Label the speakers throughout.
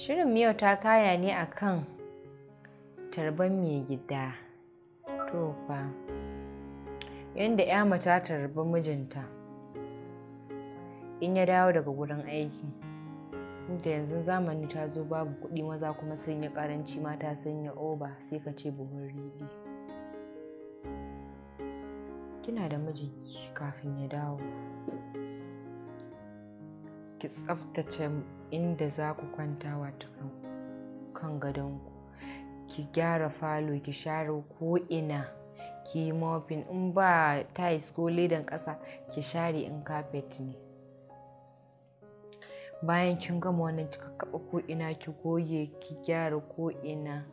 Speaker 1: Shirin miyau ta kaya ne a kan tarban mai gida. To fa, yadda ya mata tarbi mijinta in ya dawo daga wurin aiki. Da yanzu zamani ta zo babu kuɗi maza kuma sun yi ƙaranci mata sun yi oba sai ka ce buhun riɗi. Kina da mijinki kafin ya dawo. ki tsaftace inda za ku kwanta wato kan gadonku ki gyara falo ki share ko'ina ki yi mopping in ba tiles ko ledan ƙasa ki share in kafet ne bayan kin gama wannan kika ko ko'ina ki goge ki gyara ko'ina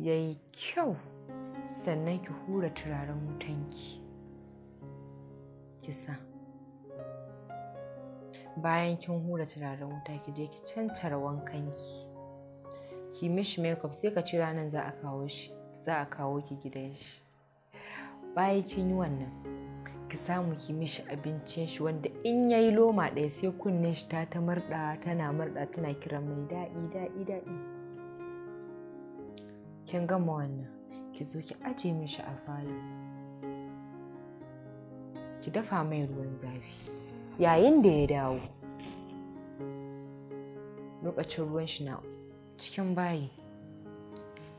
Speaker 1: ya yi kyau sannan ki hura turaren wutanki ki kisa. bayan kin hura turaren wuta ki je ki cancar wankan ki ki mishi makeup sai ka ci ranar za a kawo shi za a kawo ki gidan shi bayan kin yi wannan ki samu ki mishi abincin shi wanda in yayi loma ɗaya sai kunnen shi ta ta murɗa tana murɗa tana kiran mai daɗi daɗi daɗi kin gama wannan ki zo ki aje mishi a falo ki dafa mai ruwan zafi yayin da ya dawo lokacin ruwan shi na cikin bayi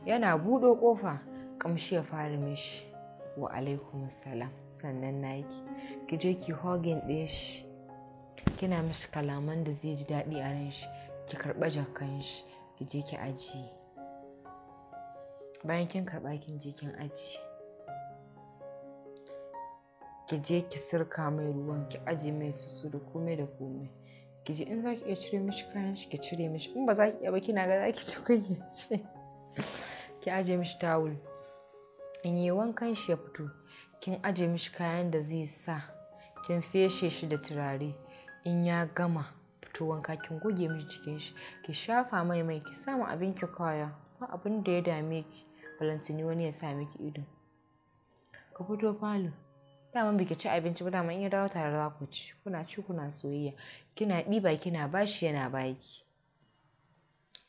Speaker 1: yana buɗe ƙofa ƙamshi ya fara mishi wa alaikum salam sannan na yi ki je ki hogin ɗin shi kina mishi kalaman da zai ji daɗi a ran shi ki karɓa jakan shi ki je ki ajiye bayan kin karɓa kin je kin ajiye ki je ki sirka mai ruwan ki aje mai susu da komai da komai ki je in za ki iya cire mishi kayan shi ki cire mishi in ba za ki iya ba kina ga za ki ci shi ki aje mishi tawul in yi wankan shi ya fito kin aje mishi kayan da zai sa kin feshe shi da turare in ya gama fito wanka kin goge mishi cikin shi ki shafa mai mai ki samu abin ki kaya ba abin da ya dame ki balantini wani ya sa miki ido ka fito falo daman bike ci abinci ba daman ya dawo tare za ku ci kuna ci kuna soyayya kina ɗiba kina bashi yana baki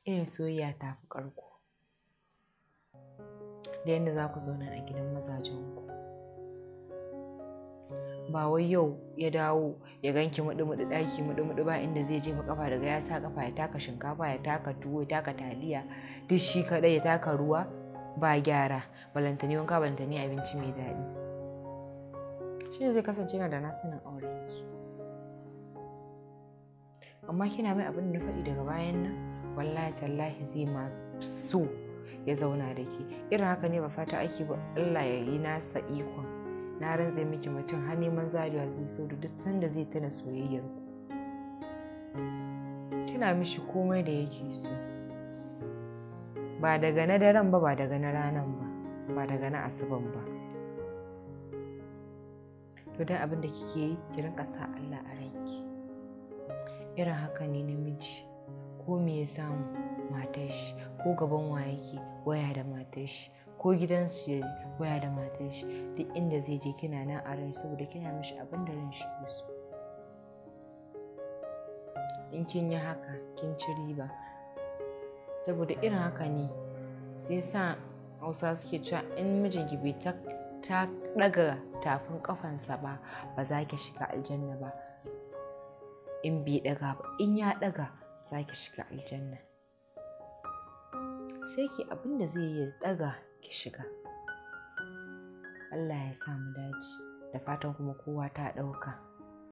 Speaker 1: irin soyayya ta fi karko da yadda za ku zauna a gidan mazajenku ba wai yau ya dawo ya ganki muɗi-muɗi ɗaki muɗi-muɗi ba inda zai jefa kafa daga ya sa kafa ya taka shinkafa ya taka tuwo ya taka taliya duk shi kaɗai ya taka ruwa ba gyara balantani wanka balantani abinci mai daɗi shi zai kasance yana da nasunin aure auren ki amma kina mai abin da faɗi daga bayan nan wallahi tallahi zai ma so ya zauna da ke irin haka ne ba fata ake ba Allah ya yi nasa ikon na ran zai miki mutum har neman zariwa zai so da duk sanda zai tana soyayyar ku kina mishi komai da yake so ba daga na daren ba ba daga na ranan ba ba daga na asuban ba to da abin da kike yi ki rinka sa Allah a ranki irin haka ne namiji ko me ya samu matar shi ko gaban wa yake waya da matar shi ko gidan su waya da matar shi duk inda zai je kina nan a ran saboda kina mishi abin da ran shi ke so in kin yi haka kin ci riba saboda irin haka ne sai sa hausa suke cewa in mijinki bai ta ɗaga tafin ƙafansa ba ba za ki shiga aljanna ba in bai ɗaga ba in ya ɗaga za ki shiga aljanna sai ki abin da zai yi ɗaga ki shiga Allah ya samu dace da fatan kuma kowa ta ɗauka.